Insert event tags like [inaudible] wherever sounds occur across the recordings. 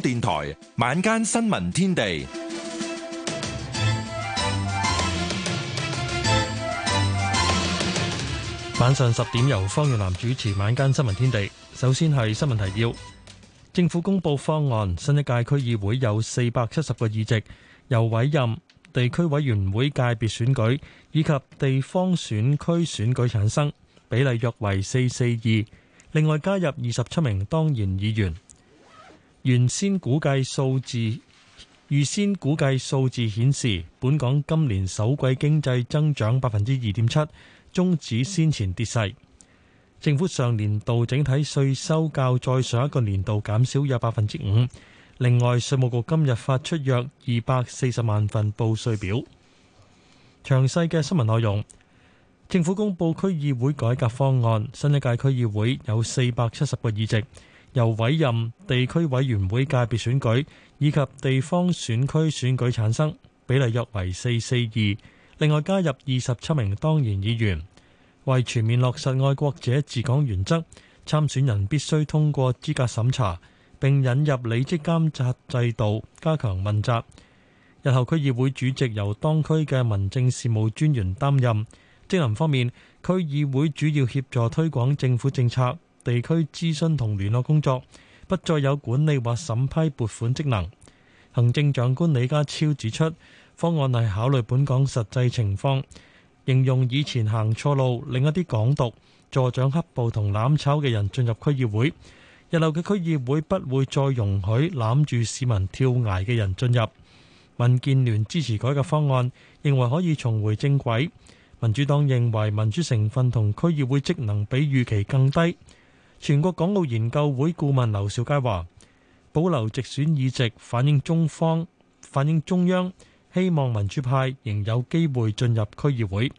電台晚,晚間新聞天地，晚上十點由方耀南主持晚間新聞天地。首先係新聞提要：政府公布方案，新一屆區議會有四百七十個議席，由委任、地區委員會界別選舉以及地方選區選舉產生，比例約為四四二。另外加入二十七名當然議員。原先估計數字，預先估計數字顯示，本港今年首季經濟增長百分之二點七，終止先前跌勢。政府上年度整體稅收較再上一個年度減少約百分之五。另外，稅務局今日發出約二百四十萬份報稅表。詳細嘅新聞內容，政府公布區議會改革方案，新一屆區議會有四百七十個議席。由委任、地區委員會界別選舉以及地方選區選舉產生，比例約為四四二。另外加入二十七名當然議員，為全面落實愛國者治港原則，參選人必須通過資格審查，並引入履職監察制度加強問責。日後區議會主席由當區嘅民政事務專員擔任。職能方面，區議會主要協助推廣政府政策。地區諮詢同聯絡工作不再有管理或審批撥款職能。行政長官李家超指出，方案係考慮本港實際情況，形容以前行錯路，另一啲港獨、助長黑暴同攬炒嘅人進入區議會。日後嘅區議會不會再容許攬住市民跳崖嘅人進入。民建聯支持改革方案，認為可以重回正軌。民主黨認為民主成分同區議會職能比預期更低。全國港澳研究會顧問劉兆佳話：保留直選議席，反映中方，反映中央，希望民主派仍有機會進入區議會。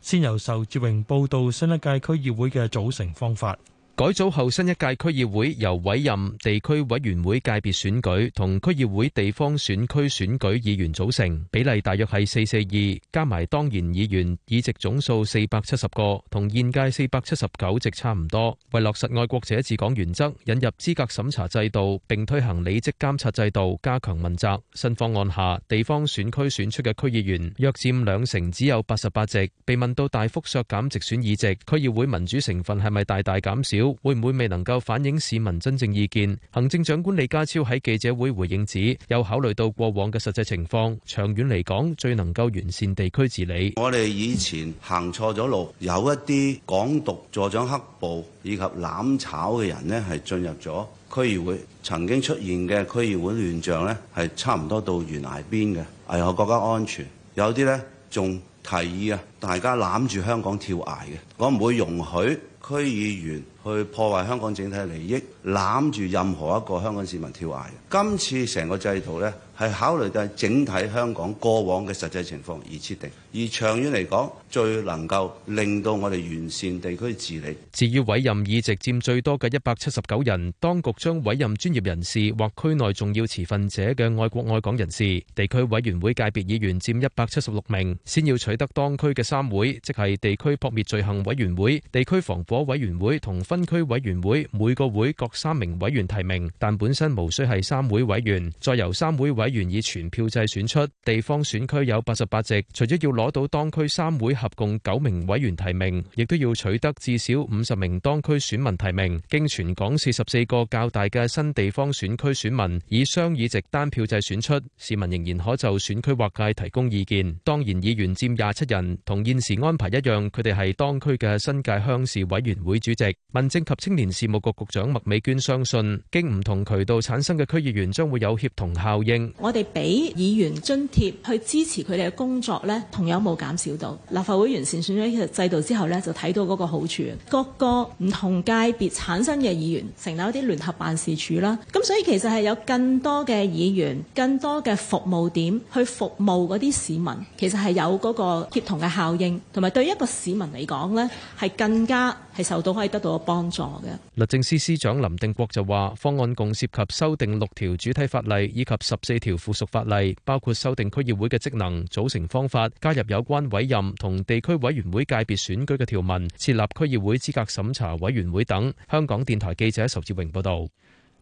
先由仇志榮報道新一屆區議會嘅組成方法。改組後，新一屆區議會由委任、地區委員會界別選舉同區議會地方選區選舉議員組成，比例大約係四四二，加埋當然議員，議席總數四百七十個，同現屆四百七十九席差唔多。為落實愛國者治港原則，引入資格審查制度，並推行理職監察制度，加強問責。新方案下，地方選區選出嘅區議員約佔兩成，只有八十八席。被問到大幅削減直選議席，區議會民主成分係咪大大減少？會唔會未能夠反映市民真正意見？行政長官李家超喺記者會回應指，有考慮到過往嘅實際情況，長遠嚟講最能夠完善地區治理。我哋以前行錯咗路，有一啲港獨助長黑暴以及攬炒嘅人呢，係進入咗區議會，曾經出現嘅區議會亂象呢，係差唔多到懸崖邊嘅。危、哎、害國家安全，有啲咧仲提議啊，大家攬住香港跳崖嘅，我唔會容許區議員。去破壞香港整體利益，攬住任何一個香港市民跳崖。今次成個制度呢，係考慮到整體香港過往嘅實際情況而設定，而長遠嚟講，最能夠令到我哋完善地區治理。至於委任議席佔最多嘅一百七十九人，當局將委任專業人士或區內重要持份者嘅愛國愛港人士、地區委員會界別議員佔一百七十六名，先要取得當區嘅三會，即係地區撲滅罪行委員會、地區防火委員會同，分區委員會，每個會各三名委員提名，但本身無需係三會委員，再由三會委員以全票制選出。地方選區有八十八席，除咗要攞到當區三會合共九名委員提名，亦都要取得至少五十名當區選民提名。經全港四十四個較大嘅新地方選區選民以雙議席單票制選出，市民仍然可就選區劃界提供意見。當然議員佔廿七人，同現時安排一樣，佢哋係當區嘅新界鄉事委員會主席。政及青年事務局局長麥美娟，相信，經唔同渠道產生嘅區議員將會有協同效應。我哋俾議員津貼去支持佢哋嘅工作呢，同樣冇減少到。立法會完善選舉制度之後呢，就睇到嗰個好處。各個唔同界別產生嘅議員成立一啲聯合辦事處啦，咁所以其實係有更多嘅議員、更多嘅服務點去服務嗰啲市民。其實係有嗰個協同嘅效應，同埋對一個市民嚟講呢係更加。係受到可以得到幫助嘅。律政司司長林定國就話：方案共涉及修訂六條主體法例以及十四條附屬法例，包括修訂區議會嘅職能、組成方法，加入有關委任同地區委員會界別選舉嘅條文，設立區議會資格審查委員會等。香港電台記者仇志榮報導。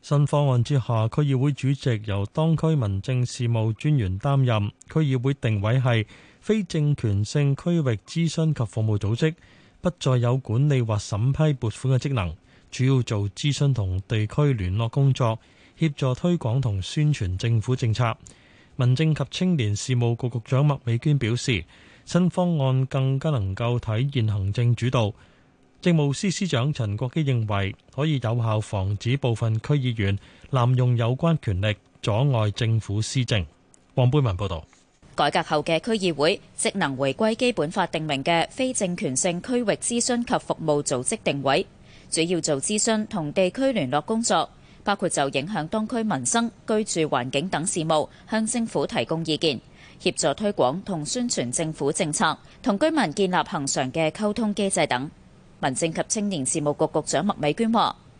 新方案之下，區議會主席由當區民政事務專員擔任，區議會定位係非政權性區域諮詢及服務組織。不再有管理或審批撥款嘅職能，主要做諮詢同地區聯絡工作，協助推廣同宣傳政府政策。民政及青年事務局局長麥美娟表示，新方案更加能夠體現行政主導。政務司司長陳國基認為可以有效防止部分區議員濫用有關權力，阻礙政府施政。黃貝文報道。改革後嘅區議會，職能回歸基本法定名嘅非政權性區域諮詢及服務組織定位，主要做諮詢同地區聯絡工作，包括就影響當區民生、居住環境等事務向政府提供意見，協助推廣同宣傳政府政策，同居民建立恒常嘅溝通機制等。民政及青年事務局局，局長麥美娟話。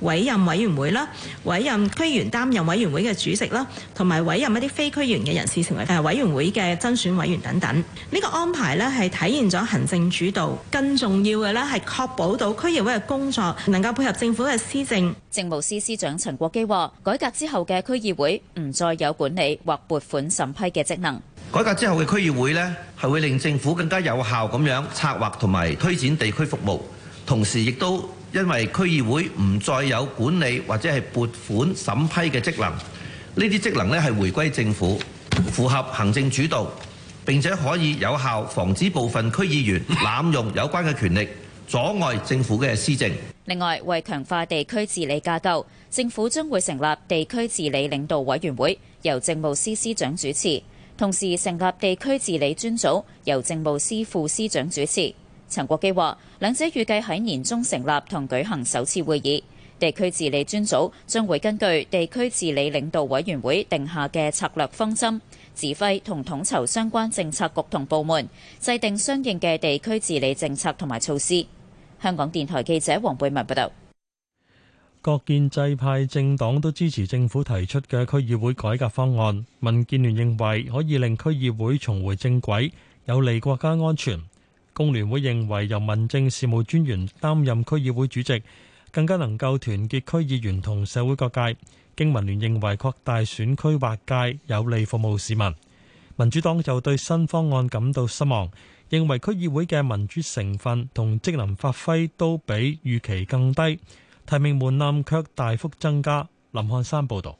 委任委員會啦，委任區議員擔任委員會嘅主席啦，同埋委任一啲非區員嘅人士成為誒委員會嘅增選委員等等。呢、這個安排咧係體現咗行政主導，更重要嘅咧係確保到區議會嘅工作能夠配合政府嘅施政。政務司司長陳國基話，改革之後嘅區議會唔再有管理或撥款審批嘅職能。改革之後嘅區議會咧，係會令政府更加有效咁樣策劃同埋推展地區服務，同時亦都。因為區議會唔再有管理或者係撥款審批嘅職能，呢啲職能呢係回歸政府，符合行政主導，並且可以有效防止部分區議員濫用有關嘅權力，阻礙政府嘅施政。另外，為強化地區治理架構，政府將會成立地區治理領導委員會，由政務司司長主持，同時成立地區治理專組，由政務司副司長主持。陳國基話：兩者預計喺年中成立同舉行首次會議。地區治理專組將會根據地區治理領導委員會定下嘅策略方針，指揮同統籌相關政策局同部門，制定相應嘅地區治理政策同埋措施。香港電台記者黃貝文報道。各建制派政黨都支持政府提出嘅區議會改革方案。民建聯認為可以令區議會重回正軌，有利國家安全。工聯會認為由民政事務專員擔任區議會主席，更加能夠團結區議員同社會各界。經民聯認為擴大選區劃界有利服務市民。民主黨就對新方案感到失望，認為區議會嘅民主成分同職能發揮都比預期更低，提名門檻卻大幅增加。林漢山報導。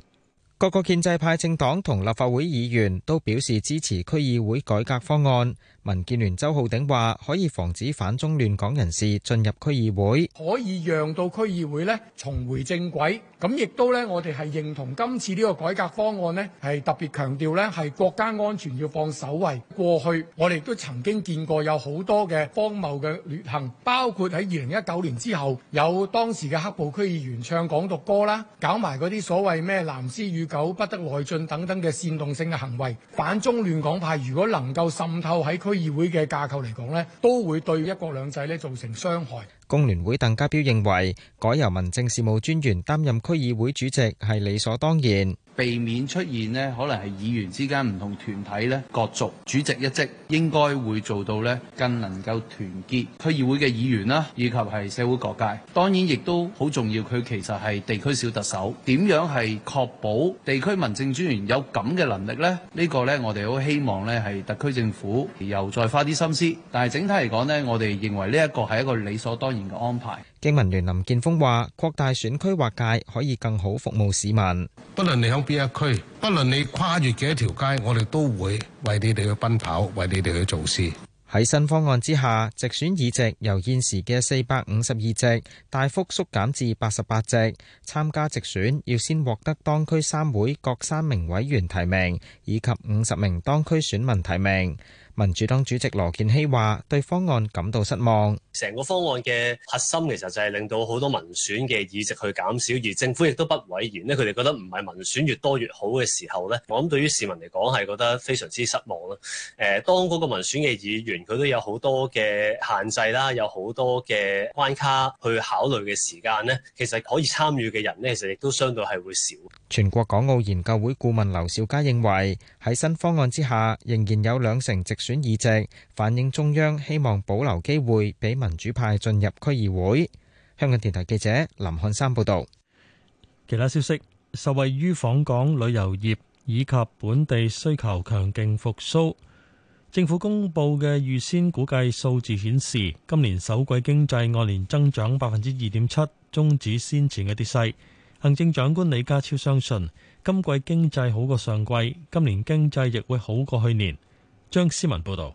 各個建制派政黨同立法會議員都表示支持區議會改革方案。民建聯周浩鼎話：可以防止反中亂港人士進入區議會，可以讓到區議會呢重回正軌。咁亦都呢，我哋係認同今次呢個改革方案呢，係特別強調呢係國家安全要放首位。過去我哋亦都曾經見過有好多嘅荒謬嘅劣行，包括喺二零一九年之後有當時嘅黑暴區議員唱港獨歌啦，搞埋嗰啲所謂咩藍絲與狗不得內進等等嘅煽動性嘅行為。反中亂港派如果能夠滲透喺區，議會嘅架構嚟講呢，都會對一國兩制呢造成傷害。工聯會鄧家彪認為，改由民政事務專員擔任區議會主席係理所當然。避免出現咧，可能係議員之間唔同團體咧角逐主席一職，應該會做到咧，更能夠團結區議會嘅議員啦，以及係社會各界。當然，亦都好重要。佢其實係地區小特首，點樣係確保地區民政專員有咁嘅能力呢？呢、呢個呢，我哋好希望咧係特區政府又再花啲心思。但係整體嚟講呢，我哋認為呢一個係一個理所當然嘅安排。英文員林建峰話，擴大選區劃界可以更好服務市民。不論你響邊一區，不論你跨越幾多條街，我哋都會為你哋去奔跑，為你哋去做事。喺新方案之下，直選議席由現時嘅四百五十二席大幅縮減至八十八席。參加直選要先獲得當區三會各三名委員提名，以及五十名當區選民提名。民主黨主席羅健熙話，對方案感到失望。成個方案嘅核心其實就係令到好多民選嘅議席去減少，而政府亦都不委員呢，佢哋覺得唔係民選越多越好嘅時候呢，我諗對於市民嚟講係覺得非常之失望啦。誒，當嗰個民選嘅議員佢都有好多嘅限制啦，有好多嘅關卡去考慮嘅時間呢，其實可以參與嘅人呢，其實亦都相對係會少。全國港澳研究會顧問劉兆佳認為，喺新方案之下，仍然有兩成直選議席，反映中央希望保留機會畀民。民主派進入區議會。香港電台記者林漢山報導。其他消息，受惠於訪港旅遊業以及本地需求強勁復甦，政府公布嘅預先估計數字顯示，今年首季經濟按年增長百分之二點七，終止先前嘅跌勢。行政長官李家超相信，今季經濟好過上季，今年經濟亦會好過去年。張思文報導。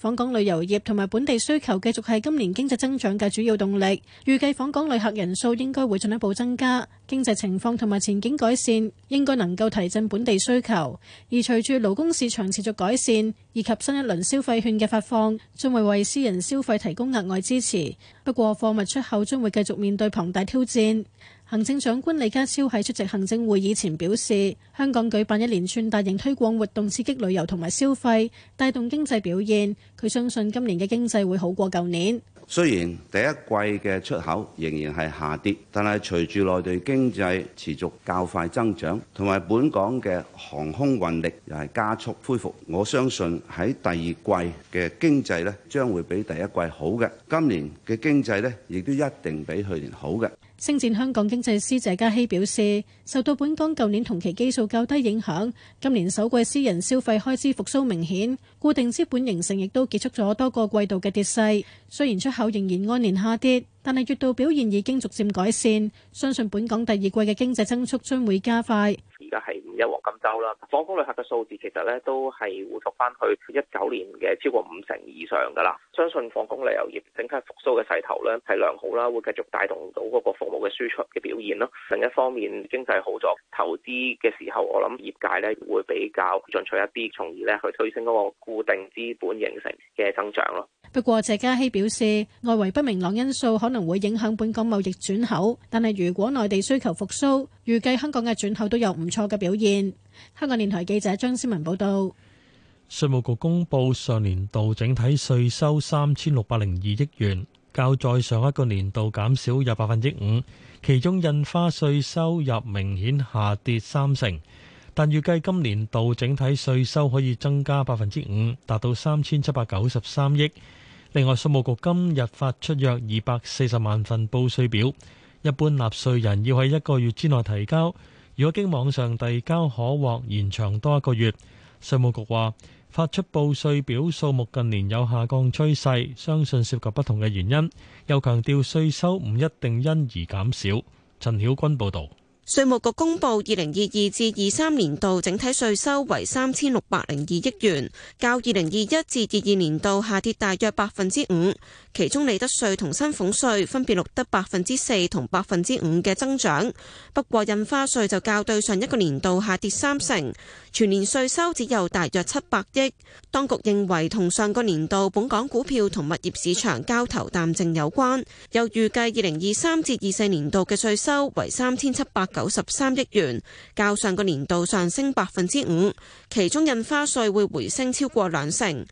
訪港旅遊業同埋本地需求繼續係今年經濟增長嘅主要動力，預計訪港旅客人數應該會進一步增加。經濟情況同埋前景改善應該能夠提振本地需求，而隨住勞工市場持續改善，以及新一輪消費券嘅發放，將會為私人消費提供額外支持。不過，貨物出口將會繼續面對龐大挑戰。行政長官李家超喺出席行政會議前表示，香港舉辦一連串大型推廣活動，刺激旅遊同埋消費，帶動經濟表現。佢相信今年嘅經濟會好過舊年。雖然第一季嘅出口仍然係下跌，但係隨住內地經濟持續較快增長，同埋本港嘅航空運力又係加速恢復，我相信喺第二季嘅經濟咧，將會比第一季好嘅。今年嘅經濟咧，亦都一定比去年好嘅。星展香港經濟師謝嘉熙表示，受到本港舊年同期基數較低影響，今年首季私人消費開支復甦明顯，固定資本形成亦都結束咗多個季度嘅跌勢。雖然出口仍然按年下跌，但係月度表現已經逐漸改善，相信本港第二季嘅經濟增速將會加快。啦，訪港旅客嘅數字其實咧都係回復翻去一九年嘅超過五成以上噶啦。相信訪港旅遊業整體復甦嘅勢頭咧係良好啦，會繼續帶動到嗰個服務嘅輸出嘅表現咯。另一方面，經濟好咗，投資嘅時候，我諗業界咧會比較進取一啲，從而咧去推升嗰個固定資本形成嘅增長咯。不過，謝嘉熙表示，外圍不明朗因素可能會影響本港貿易轉口，但係如果內地需求復甦，預計香港嘅轉口都有唔錯嘅表現。香港電台記者張思文報道。稅務局公布上年度整體稅收三千六百零二億元，較再上一個年度減少約百分之五，其中印花稅收入明顯下跌三成。但預計今年度整體稅收可以增加百分之五，達到三千七百九十三億。另外，稅務局今日發出約二百四十萬份報稅表，一般納稅人要喺一個月之內提交。如果經網上遞交，可獲延長多一個月。稅務局話，發出報稅表數目近年有下降趨勢，相信涉及不同嘅原因，又強調稅收唔一定因而減少。陳曉君報導。稅務局公布，二零二二至二三年度整體稅收為三千六百零二億元，較二零二一至二二年度下跌大約百分之五。其中利得稅同薪俸稅分別錄得百分之四同百分之五嘅增長，不過印花稅就較對上一個年度下跌三成。全年稅收只有大約七百億，當局認為同上個年度本港股票同物業市場交投淡靜有關，又預計二零二三至二四年度嘅稅收為三千七百九十三億元，較上個年度上升百分之五，其中印花稅會回升超過兩成。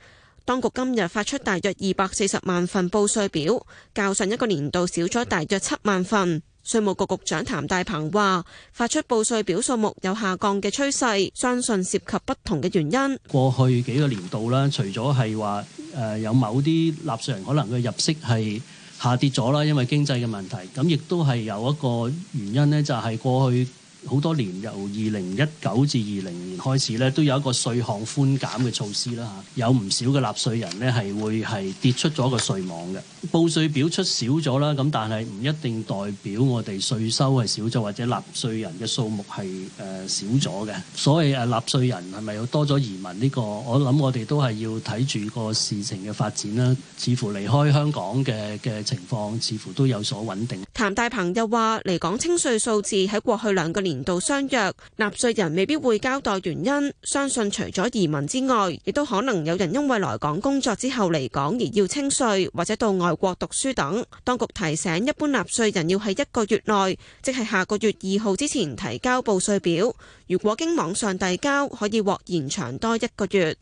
當局今日發出大約二百四十萬份報稅表，較上一個年度少咗大約七萬份。稅務局局長譚大鵬話，發出報稅表數目有下降嘅趨勢，相信涉及不同嘅原因。過去幾個年度啦，除咗係話誒有某啲納稅人可能嘅入息係下跌咗啦，因為經濟嘅問題，咁亦都係有一個原因呢，就係過去。好多年由二零一九至二零年開始咧，都有一個稅項寬減嘅措施啦吓，有唔少嘅納稅人咧，係會係跌出咗個稅網嘅報稅表出少咗啦，咁但係唔一定代表我哋稅收係少咗或者納稅人嘅數目係誒、呃、少咗嘅，所以誒納稅人係咪有多咗移民呢？這個我諗我哋都係要睇住個事情嘅發展啦，似乎離開香港嘅嘅情況似乎都有所穩定。譚大鵬又話嚟講清稅數字喺過去兩個年度相若，納稅人未必會交代原因。相信除咗移民之外，亦都可能有人因為來港工作之後離港而要清稅，或者到外國讀書等。當局提醒，一般納稅人要喺一個月內，即係下個月二號之前提交報稅表。如果經網上遞交，可以獲延長多一個月。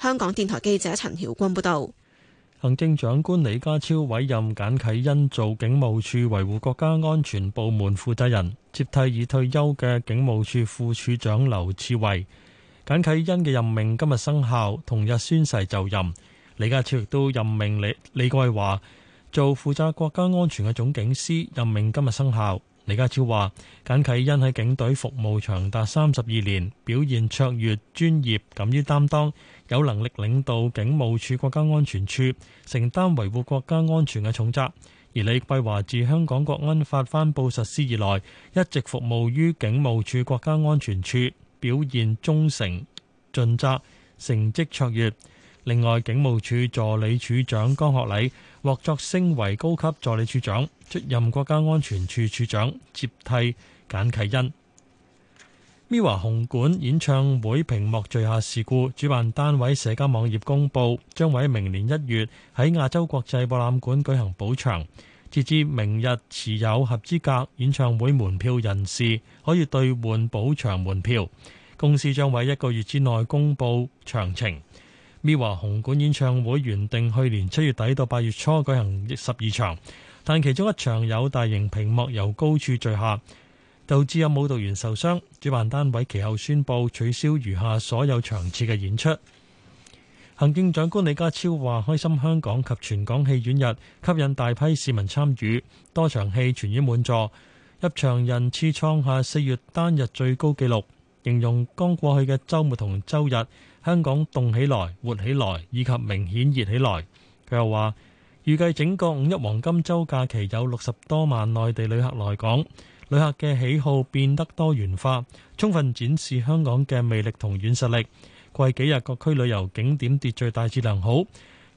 香港電台記者陳曉君報道。行政長官李家超委任簡啟恩做警務處維護國家安全部門負責人，接替已退休嘅警務處副處長劉志偉。簡啟恩嘅任命今日生效，同日宣誓就任。李家超亦都任命李李桂華做負責國家安全嘅總警司，任命今日生效。李家超話：簡啟恩喺警隊服務長達三十二年，表現卓越，專業，敢於擔當。有能力領導警務處國家安全處，承擔維護國家安全嘅重責。而李桂華自香港國安法頒布實施以來，一直服務於警務處國家安全處，表現忠誠盡責，成績卓越。另外，警務處助理處長江學禮獲擢升為高級助理處長，出任國家安全處處長接替簡啟恩。Mirror 紅館演唱會屏幕墜下事故，主辦單位社交網頁公佈，將喺明年一月喺亞洲國際博覽館舉行補場。截至明日，持有合資格演唱會門票人士可以兌換補場門票。公司將喺一個月之內公佈詳情。Mirror 紅館演唱會原定去年七月底到八月初舉行十二場，但其中一場有大型屏幕由高處墜下。導致有舞蹈員受傷，主辦單位其後宣布取消餘下所有場次嘅演出。行政長官李家超話，開心香港及全港戲院日吸引大批市民參與，多場戲全院滿座，入場人次創下四月單日最高紀錄。形容剛過去嘅週末同周日，香港動起來、活起來以及明顯熱起來。佢又話，預計整個五一黃金週假期有六十多萬內地旅客來港。旅客嘅喜好變得多元化，充分展示香港嘅魅力同軟實力。貴幾日各區旅遊景點秩序大致良好，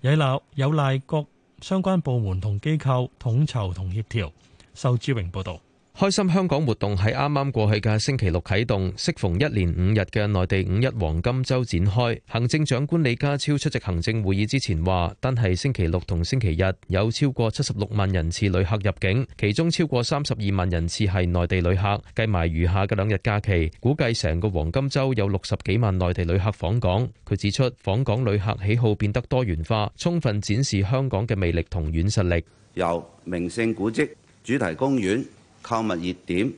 有賴有賴各相關部門同機構統籌同協調。仇志榮報導。開心香港活動喺啱啱過去嘅星期六啟動，適逢一連五日嘅內地五一黃金周展開。行政長官李家超出席行政會議之前話，單係星期六同星期日有超過七十六萬人次旅客入境，其中超過三十二萬人次係內地旅客。計埋餘下嘅兩日假期，估計成個黃金周有六十幾萬內地旅客訪港。佢指出，訪港旅客喜好變得多元化，充分展示香港嘅魅力同軟實力。由名勝古跡、主題公園。購物熱點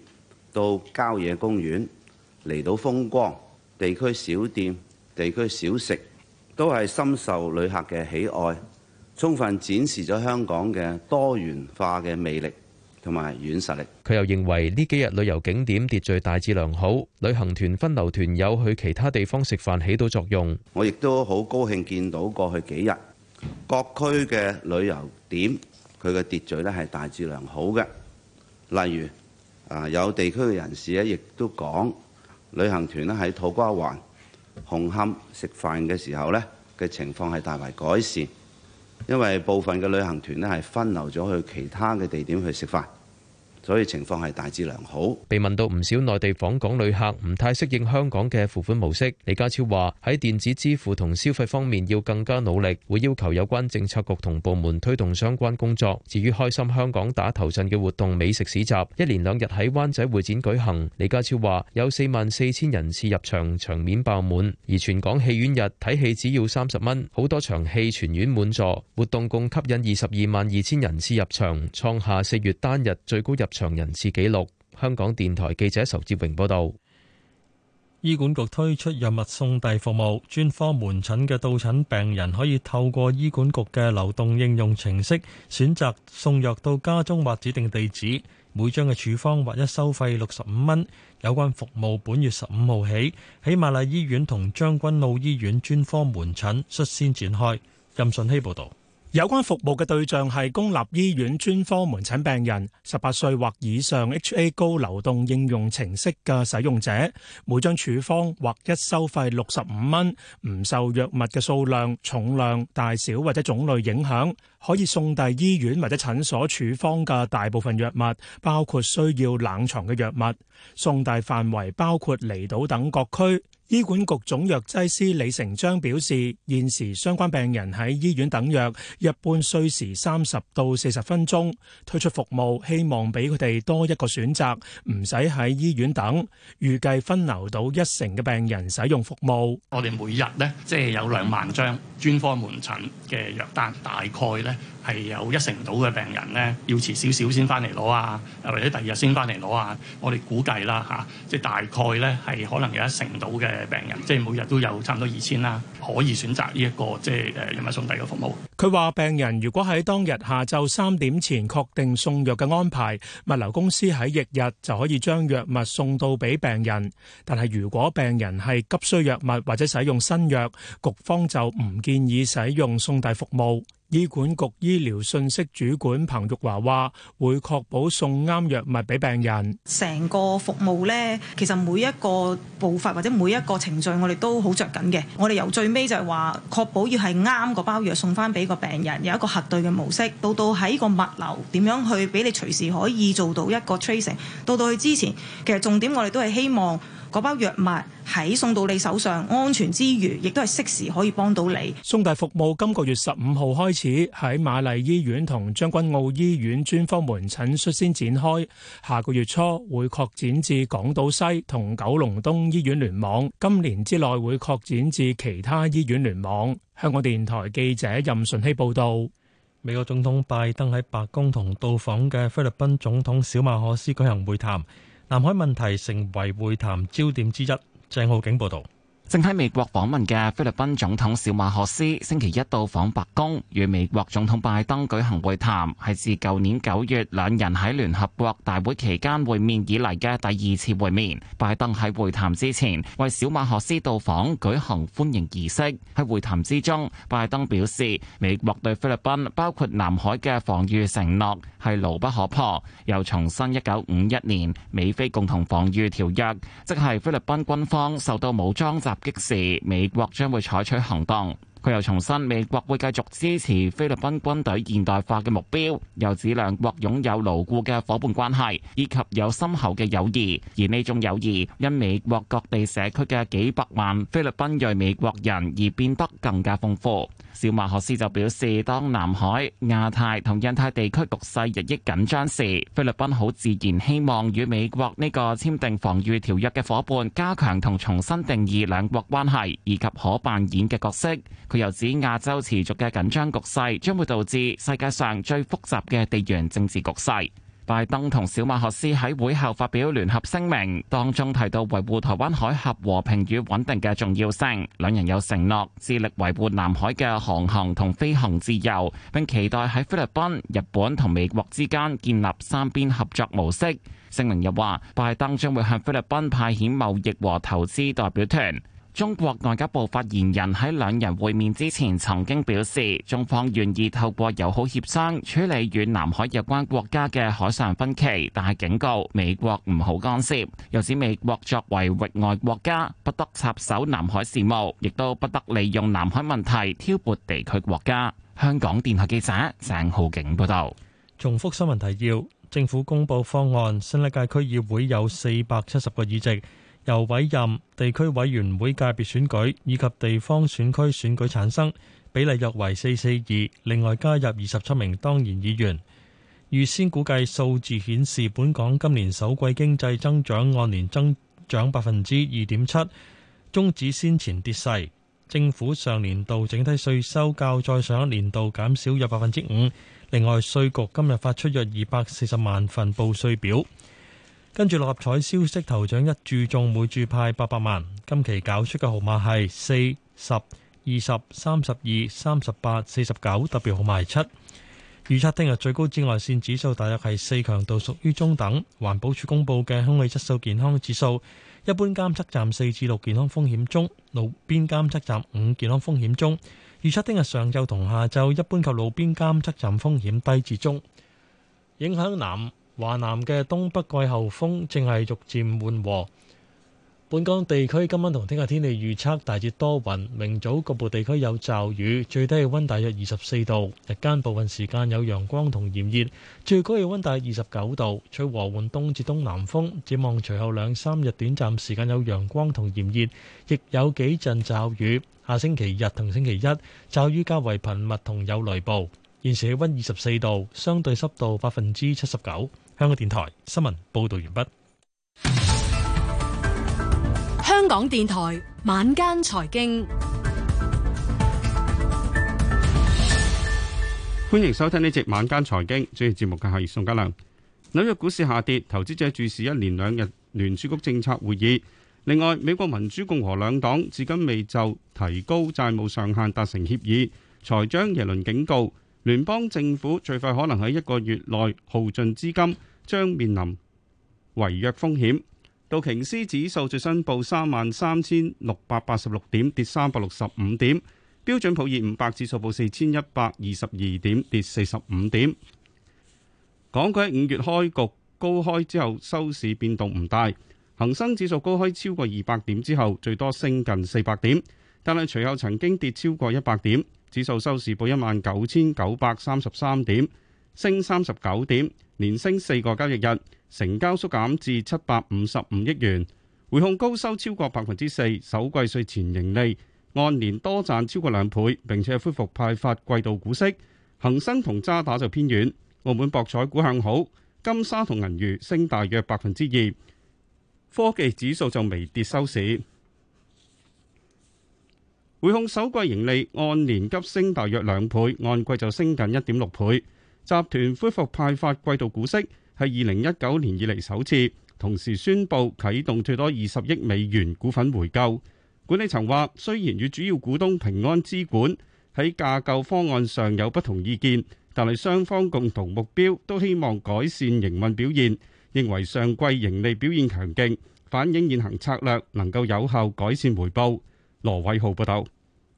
到郊野公園，嚟到風光地區小店、地區小食都係深受旅客嘅喜愛，充分展示咗香港嘅多元化嘅魅力同埋軟實力。佢又認為呢幾日旅遊景點秩序大致良好，旅行團分流團友去其他地方食飯起到作用。我亦都好高興見到過去幾日各區嘅旅遊點，佢嘅秩序咧係大致良好嘅。例如，啊有地區嘅人士咧，亦都講旅行團咧喺土瓜灣紅磡食飯嘅時候咧嘅情況係大為改善，因為部分嘅旅行團咧係分流咗去其他嘅地點去食飯。所以情況係大致良好。被問到唔少內地訪港旅客唔太適應香港嘅付款模式，李家超話喺電子支付同消費方面要更加努力，會要求有關政策局同部門推動相關工作。至於開心香港打頭陣嘅活動美食市集，一連兩日喺灣仔會展舉行，李家超話有四萬四千人次入場，場面爆滿，而全港戲院日睇戲只要三十蚊，好多場戲全院滿座。活動共吸引二十二萬二千人次入場，創下四月單日最高入長人次紀錄。香港電台記者仇志榮報道。醫管局推出藥物送遞服務，專科門診嘅到診病人可以透過醫管局嘅流動應用程式，選擇送藥到家中或指定地址。每張嘅處方或一收費六十五蚊。有關服務本月十五號起喺瑪麗醫院同將軍澳醫院專科門診率先展開。任信希報道。有關服務嘅對象係公立醫院專科門診病人，十八歲或以上，HA 高流動應用程式嘅使用者。每張處方劃一收費六十五蚊，唔受藥物嘅數量、重量、大小或者種類影響，可以送遞醫院或者診所處方嘅大部分藥物，包括需要冷藏嘅藥物。送遞範圍包括離島等各區。醫管局總藥劑師李成章表示，現時相關病人喺醫院等藥，一般需時三十到四十分鐘，推出服務，希望俾佢哋多一個選擇，唔使喺醫院等。預計分流到一成嘅病人使用服務。我哋每日呢，即係有兩萬張專科門診嘅藥單，大概呢。係有一成到嘅病人呢，要遲少少先翻嚟攞啊，或者第二日先翻嚟攞啊。我哋估計啦嚇，即係大概呢，係可能有一成到嘅病人，即係每日都有差唔多二千啦，可以選擇呢、這、一個即係誒藥物送遞嘅服務。佢話：病人如果喺當日下晝三點前確定送藥嘅安排，物流公司喺翌日就可以將藥物送到俾病人。但係如果病人係急需藥物或者使用新藥，局方就唔建議使用送遞服務。醫管局醫療信息主管彭玉華話，會確保送啱藥物俾病人。成個服務呢，其實每一個步伐或者每一個程序我，我哋都好着緊嘅。我哋由最尾就係話，確保要係啱個包藥送翻俾個病人，有一個核對嘅模式。到到喺個物流點樣去俾你隨時可以做到一個 tracing。到到去之前，其實重點我哋都係希望。嗰包藥物喺送到你手上安全之餘，亦都係適時可以幫到你。送大服務今個月十五號開始喺瑪麗醫院同將軍澳醫院專科門診率先展開，下個月初會擴展至港島西同九龍東醫院聯網，今年之內會擴展至其他醫院聯網。香港電台記者任順希報導。美國總統拜登喺白宮同到訪嘅菲律賓總統小馬可斯舉行會談。南海問題成為會談焦點之一。鄭浩景報道。正喺美國訪問嘅菲律賓總統小馬可斯星期一到訪白宮，與美國總統拜登舉行會談，係自舊年九月兩人喺聯合國大會期間會面以嚟嘅第二次會面。拜登喺會談之前為小馬可斯到訪舉行歡迎儀式。喺會談之中，拜登表示美國對菲律賓包括南海嘅防禦承諾係牢不可破，又重申1951年美菲共同防禦條約，即係菲律賓軍方受到武裝襲。即時，美國將會採取行動。佢又重申，美國會繼續支持菲律賓軍隊現代化嘅目標，又指兩國擁有牢固嘅伙伴關係，以及有深厚嘅友誼，而呢種友誼因美國各地社區嘅幾百萬菲律賓裔美國人而變得更加豐富。小馬可斯就表示，當南海、亞太同印太地區局勢日益緊張時，菲律賓好自然希望與美國呢個簽訂防禦條約嘅伙伴加強同重新定義兩國關係以及可扮演嘅角色。佢又指亞洲持續嘅緊張局勢將會導致世界上最複雜嘅地緣政治局勢。拜登同小馬可斯喺會後發表聯合聲明，當中提到維護台灣海峽和平與穩定嘅重要性。兩人有承諾致力維護南海嘅航行同飛行自由，並期待喺菲律賓、日本同美國之間建立三邊合作模式。聲明又話，拜登將會向菲律賓派遣貿易和投資代表團。中國外交部發言人喺兩人會面之前曾經表示，中方願意透過友好協商處理與南海有關國家嘅海上分歧，但係警告美國唔好干涉，又指美國作為域外國家，不得插手南海事務，亦都不得利用南海問題挑撥地區國家。香港電台記者鄭浩景報道。重複新聞提要：政府公布方案，新一屆區議會有四百七十個議席。由委任、地區委員會界別選舉以及地方選區選舉產生，比例約為四四二。另外加入二十七名當然議員。預先估計數字顯示，本港今年首季經濟增長按年增長百分之二點七，終止先前跌勢。政府上年度整體稅收較再上一年度減少約百分之五。另外，稅局今日發出約二百四十萬份報稅表。跟住六合彩消息，頭獎一注中，每注派八百萬。今期搞出嘅號碼係四、十、二十、三十二、三十八、四十九，特別號碼係七。預測聽日最高紫外綫指數大約係四強度，屬於中等。環保署公布嘅空氣質素健康指數，一般監測站四至六健康風險中，路邊監測站五健康風險中。預測聽日上晝同下晝，一般及路邊監測站風險低至中，影響南華南嘅東北季候風正係逐漸緩和，本港地區今晚同聽日天氣預測大致多雲，明早局部地區有驟雨，最低氣溫大約二十四度，日間部分時間有陽光同炎熱，最高氣溫大約二十九度，吹和緩東至東南風，展望隨後兩三日短暫時間有陽光同炎熱，亦有幾陣驟雨，下星期日同星期一驟雨較為頻密同有雷暴，現時氣溫二十四度，相對濕度百分之七十九。香港電台新聞報道完畢。香港電台晚間財經，歡迎收聽呢節晚間財經主持節目嘅係宋家良。紐約股市下跌，投資者注視一連兩日聯儲局政策會議。另外，美國民主共和兩黨至今未就提高債務上限達成協議，財長耶倫警告。聯邦政府最快可能喺一個月內耗盡資金，將面臨違約風險。道瓊斯指數最新報三萬三千六百八十六點，跌三百六十五點。標準普爾五百指數報四千一百二十二點，跌四十五點。港股喺五月開局高開之後，收市變動唔大。恒生指數高開超過二百點之後，最多升近四百點，但係隨後曾經跌超過一百點。指數收市報一萬九千九百三十三點，升三十九點，連升四個交易日，成交縮減至七百五十五億元，匯控高收超過百分之四，首季稅前盈利按年多賺超過兩倍，並且恢復派發季度股息。恒生同渣打就偏軟，澳門博彩股向好，金沙同銀娛升大約百分之二，科技指數就微跌收市。匯控首季盈利按年急升大約兩倍，按季就升近一點六倍。集團恢復派發季度股息，係二零一九年以嚟首次。同時宣布啟動最多二十億美元股份回購。管理層話，雖然與主要股東平安資管喺架構方案上有不同意見，但係雙方共同目標都希望改善營運表現。認為上季盈利表現強勁，反映現行策略能夠有效改善回報。羅偉浩報道，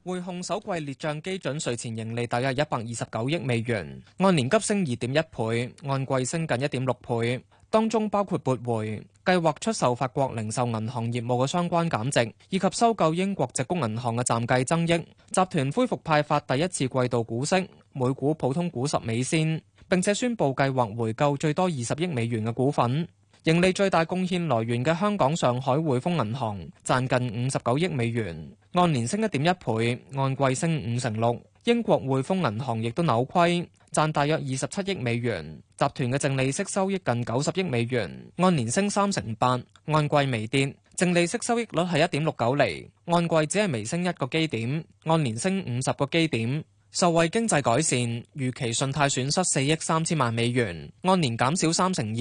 匯控首季列賬基準稅前盈利大約一百二十九億美元，按年急升二點一倍，按季升近一點六倍。當中包括撥回計劃出售法國零售銀行業務嘅相關減值，以及收購英國矽谷銀行嘅暫計增益。集團恢復派發第一次季度股息，每股普通股十美仙，並且宣布計劃回購最多二十億美元嘅股份。盈利最大貢獻來源嘅香港上海匯豐銀行賺近五十九億美元，按年升一點一倍，按季升五成六。英國匯豐銀行亦都扭虧，賺大約二十七億美元。集團嘅淨利息收益近九十億美元，按年升三成八，按季微跌。淨利息收益率係一點六九厘，按季只係微升一個基點，按年升五十個基點。受惠經濟改善，預期信貸損失四億三千萬美元，按年減少三成二，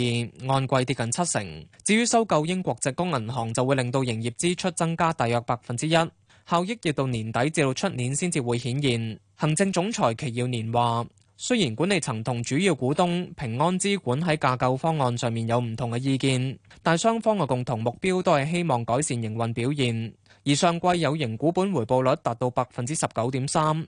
按季跌近七成。至於收購英國矽谷銀行，就會令到營業支出增加大約百分之一，效益要到年底至到出年先至會顯現。行政總裁祁耀年話，雖然管理層同主要股東平安資管喺架構方案上面有唔同嘅意見，但雙方嘅共同目標都係希望改善營運表現。而上季有形股本回報率達到百分之十九點三。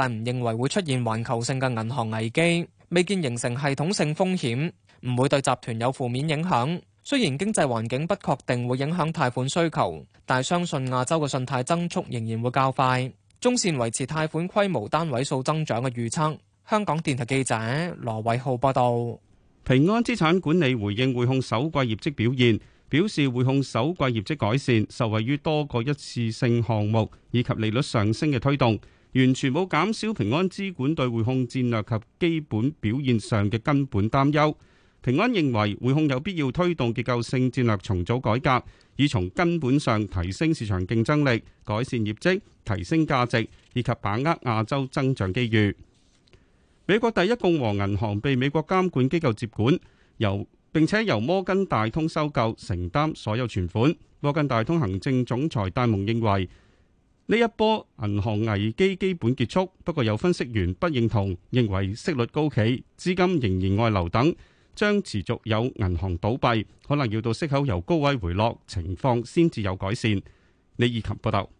但唔認為會出現環球性嘅銀行危機，未見形成系統性風險，唔會對集團有負面影響。雖然經濟環境不確定，會影響貸款需求，但相信亞洲嘅信貸增速仍然會較快，中線維持貸款規模單位數增長嘅預測。香港電台記者羅偉浩報道。平安資產管理回應匯控首季業績表現，表示匯控首季業績改善，受惠於多個一次性項目以及利率上升嘅推動。完全冇減少平安資管對匯控戰略及基本表現上嘅根本擔憂。平安認為，匯控有必要推動結構性戰略重組改革，以從根本上提升市場競爭力、改善業績、提升價值，以及把握亞洲增長機遇。美國第一共和銀行被美國監管機構接管，由，並且由摩根大通收購，承擔所有存款。摩根大通行政總裁戴蒙認為。呢一波銀行危機基本結束，不過有分析員不認同，認為息率高企，資金仍然外流等，將持續有銀行倒閉，可能要到息口由高位回落情況先至有改善。李以琴報道。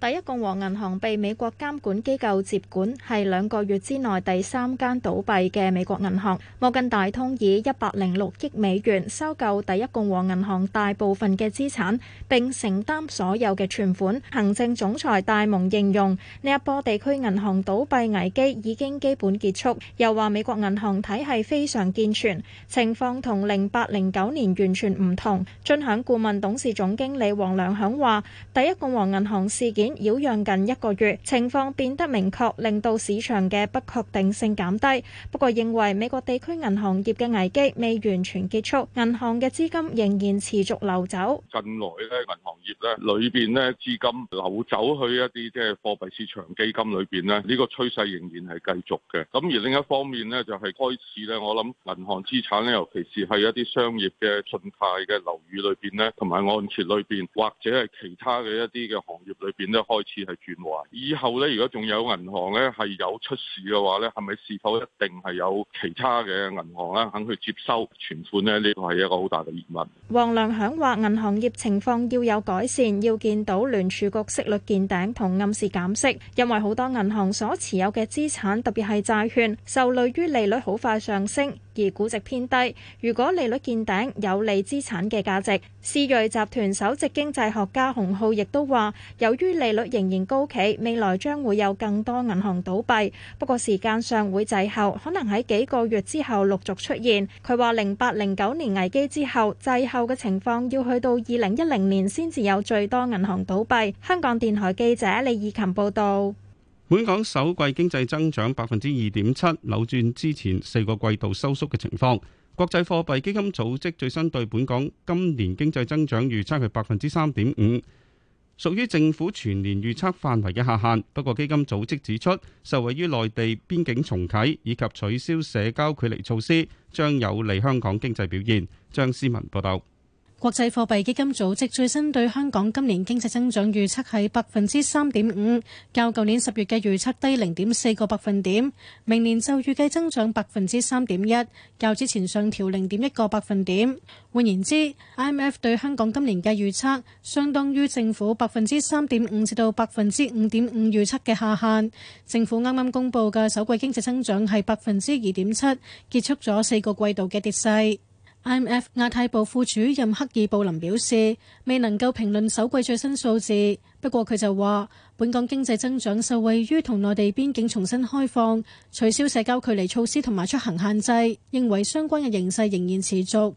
第一共和銀行被美國監管機構接管，係兩個月之內第三間倒閉嘅美國銀行。摩根大通以一百零六億美元收購第一共和銀行大部分嘅資產，並承擔所有嘅存款。行政總裁戴蒙形容，呢一波地區銀行倒閉危機已經基本結束，又話美國銀行體系非常健全，情況同零八零九年完全唔同。進行顧問董事總經理黃良響話：第一共和銀行事件。擾攘近一個月，情況變得明確，令到市場嘅不確定性減低。不過認為美國地區銀行業嘅危機未完全結束，銀行嘅資金仍然持續流走。近來咧，銀行業咧裏邊咧資金流走去一啲即係貨幣市場基金裏邊咧，呢、這個趨勢仍然係繼續嘅。咁而另一方面咧，就係、是、開始咧，我諗銀行資產咧，尤其是係一啲商業嘅信貸嘅樓宇裏邊咧，同埋按揭裏邊或者係其他嘅一啲嘅行業裏邊咧。一開始係轉壞，以後呢，如果仲有銀行呢係有出事嘅話呢，係咪是否一定係有其他嘅銀行呢肯去接收存款呢？呢個係一個好大嘅疑問。黃良響話：，銀行業情況要有改善，要見到聯儲局息率見頂同暗示減息，因為好多銀行所持有嘅資產，特別係債券，受累於利率好快上升而估值偏低。如果利率見頂，有利資產嘅價值。思睿集團首席經濟學家洪浩亦都話：，由於利利率仍然高企，未來將會有更多銀行倒閉，不過時間上會滯後，可能喺幾個月之後陸續出現。佢話零八零九年危機之後滯後嘅情況，要去到二零一零年先至有最多銀行倒閉。香港電台記者李以琴報道，本港首季經濟增長百分之二點七，扭轉之前四個季度收縮嘅情況。國際貨幣基金組織最新對本港今年經濟增長預測係百分之三點五。屬於政府全年預測範圍嘅下限，不過基金組織指出，受惠於內地邊境重啟以及取消社交距離措施，將有利香港經濟表現。張思文報導。國際貨幣基金組織最新對香港今年經濟增長預測係百分之三點五，較舊年十月嘅預測低零點四個百分點。明年就預計增長百分之三點一，較之前上調零點一個百分點。換言之，IMF 對香港今年嘅預測相當於政府百分之三點五至到百分之五點五預測嘅下限。政府啱啱公布嘅首季經濟增長係百分之二點七，結束咗四個季度嘅跌勢。IMF 亞太部副主任克爾布林表示，未能夠評論首季最新數字，不過佢就話：本港經濟增長受惠於同內地邊境重新開放、取消社交距離措施同埋出行限制，認為相關嘅形勢仍然持續。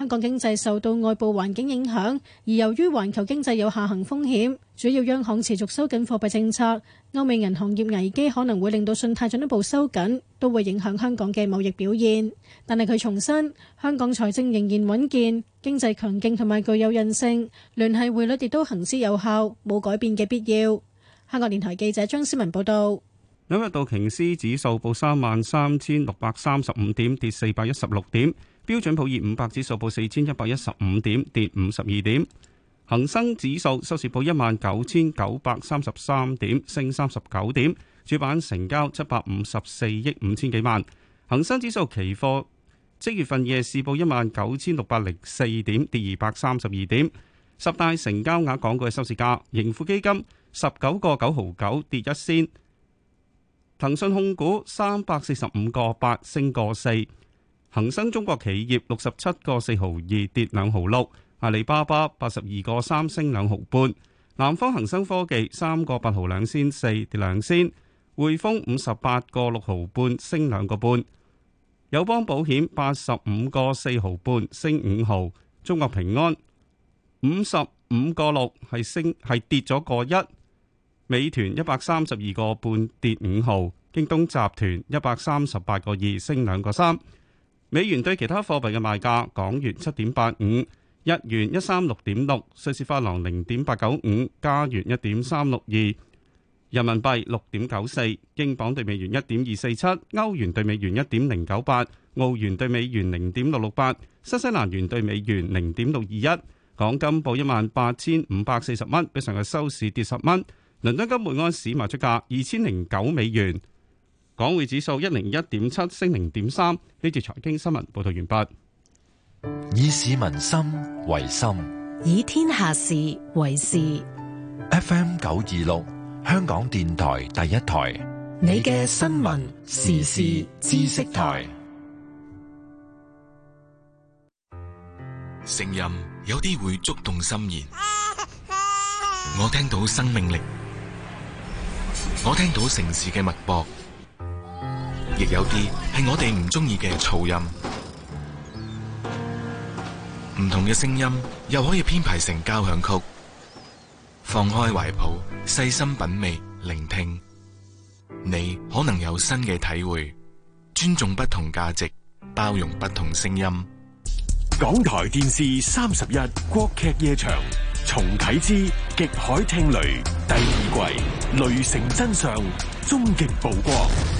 香港經濟受到外部環境影響，而由於環球經濟有下行風險，主要央行持續收緊貨幣政策，歐美銀行業危機可能會令到信貸進一步收緊，都會影響香港嘅貿易表現。但係佢重申，香港財政仍然穩健，經濟強勁同埋具有韌性，聯繫匯率亦都行之有效，冇改變嘅必要。香港電台記者張思文報道，兩日道瓊斯指數報三萬三千六百三十五點，跌四百一十六點。標準普爾五百指數報四千一百一十五點，跌五十二點。恒生指數收市報一萬九千九百三十三點，升三十九點。主板成交七百五十四億五千幾萬。恒生指數期貨即月份夜市報一萬九千六百零四點，跌二百三十二點。十大成交額港股嘅收市價，盈富基金十九個九毫九跌一仙，騰訊控股三百四十五個八升個四。恒生中國企業六十七個四毫二跌兩毫六，阿里巴巴八十二個三升兩毫半，南方恒生科技三個八毫兩仙四跌兩仙，匯豐五十八個六毫半升兩個半，友邦保險八十五個四毫半升五毫，中國平安五十五個六係升係跌咗個一，美團一百三十二個半跌五毫，京東集團一百三十八個二升兩個三。美元對其他貨幣嘅賣價：港元七點八五，日元一三六點六，瑞士法郎零點八九五，加元一點三六二，人民幣六點九四，英鎊對美元一點二四七，歐元對美元一點零九八，澳元對美元零點六六八，新西蘭元對美元零點六二一。港金報一萬八千五百四十蚊，比上日收市跌十蚊。倫敦金每盎司賣出價二千零九美元。港匯指數一零一點七升零點三，呢節財經新聞報道完畢。以市民心為心，以天下事為事。FM 九二六，香港電台第一台，你嘅新聞時事知識台。聲音有啲會觸動心弦，我聽到生命力，我聽到城市嘅脈搏。亦有啲係我哋唔中意嘅噪音，唔同嘅聲音又可以編排成交響曲。放開懷抱，細心品味，聆聽，你可能有新嘅體會。尊重不同價值，包容不同聲音。港台電視三十一國劇夜場重啟之極海聽雷第二季雷城真相終極曝光。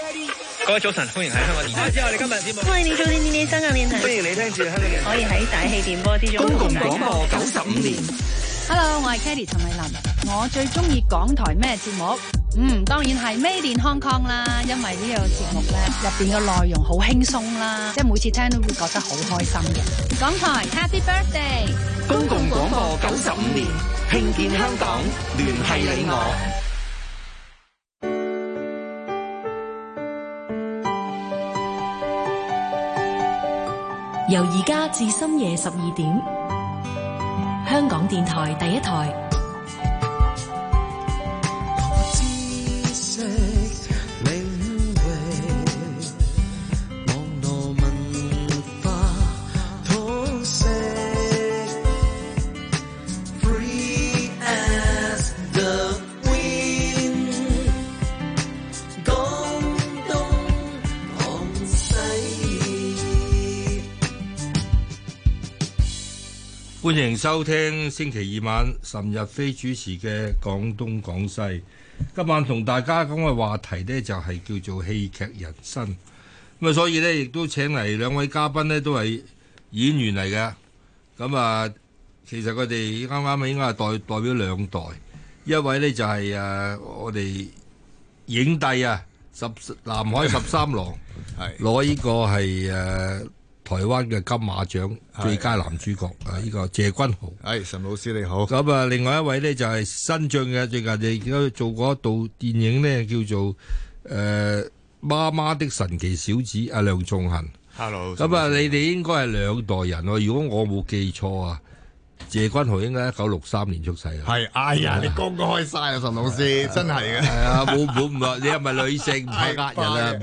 各位早晨，歡迎喺香港電台。啊、我哋今日點？歡迎你做電電台香港電台。歡迎、啊、你聽住香港電台。可以喺大氣電波啲中。公共廣播九十五年。 [laughs] Hello，我係 Kelly 陳慧琳。我最中意港台咩節目？嗯，當然係《Made in Hong Kong》啦，因為呢個節目咧入邊嘅內容好輕鬆啦，即係每次聽都會覺得好開心嘅。港台 Happy Birthday！公共廣播九十五年共建香港，聯繫你我。由而家至深夜十二點，香港電台第一台。歡迎收聽星期二晚岑日飛主持嘅《廣東廣西》。今晚同大家講嘅話題呢，就係、是、叫做戲劇人生。咁啊，所以呢，亦都請嚟兩位嘉賓呢，都係演員嚟㗎。咁啊，其實佢哋啱啱啊，應該係代代表兩代。一位呢、就是，就係誒，我哋影帝啊，十南海十三郎，攞呢 [laughs] 是個係誒。啊台灣嘅金馬獎是最佳男主角啊，呢個是謝君豪。係陳、哎、老師你好。咁啊，另外一位咧就係、是、新進嘅最近你見到做過一部電影咧，叫做誒《媽媽的神奇小子》阿梁仲恒。Hello。咁啊那，嗯、你哋應該係兩代人喎，如果我冇記錯啊。謝君豪應該一九六三年出世啊，係哎呀，你啱啱開晒啊，陳老師真係嘅，係啊，冇冇唔係，你係咪女性？唔怕人啊，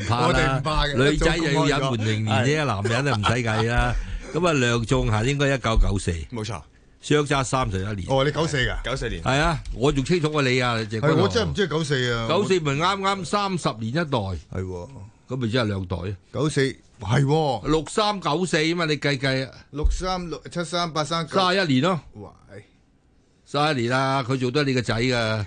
唔怕啦，女仔又要隱瞞零年，呢個男人啊唔使計啦。咁啊，梁仲恒應該一九九四，冇錯，相差三十一年。哦，你九四噶？九四年係啊，我仲清楚過你啊，謝君豪。我真係唔知九四啊，九四咪啱啱三十年一代，係喎，咁咪即係兩代啊，九四。係六三九四啊嘛，你計計啊，六三六七三八三，卅一年咯。哇，卅一年啦，佢做得你個仔㗎，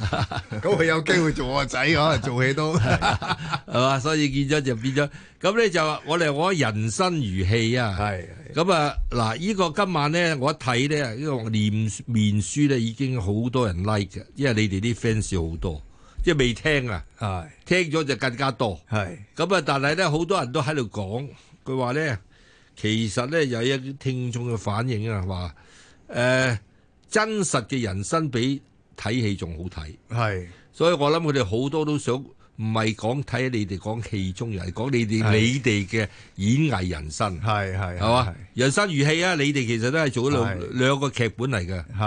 咁佢有機會做我個仔可能做起都係嘛，所以見咗就變咗。咁咧就我哋我人生如戲啊，係咁啊嗱，呢個今晚咧我一睇咧呢個念面書咧已經好多人 like 嘅，因為你哋啲 fans 好多。即未聽啊！聽咗就更加多。係咁啊！但係咧，好多人都喺度講，佢話咧，其實咧有一啲聽眾嘅反應啊，話誒、呃、真實嘅人生比睇戲仲好睇。係是，所以我諗佢哋好多都想唔係講睇你哋講戲中人，講你哋是你哋嘅演藝人生。係係係嘛？是是是人生如戲啊！你哋其實都係做咗兩是兩個劇本嚟嘅。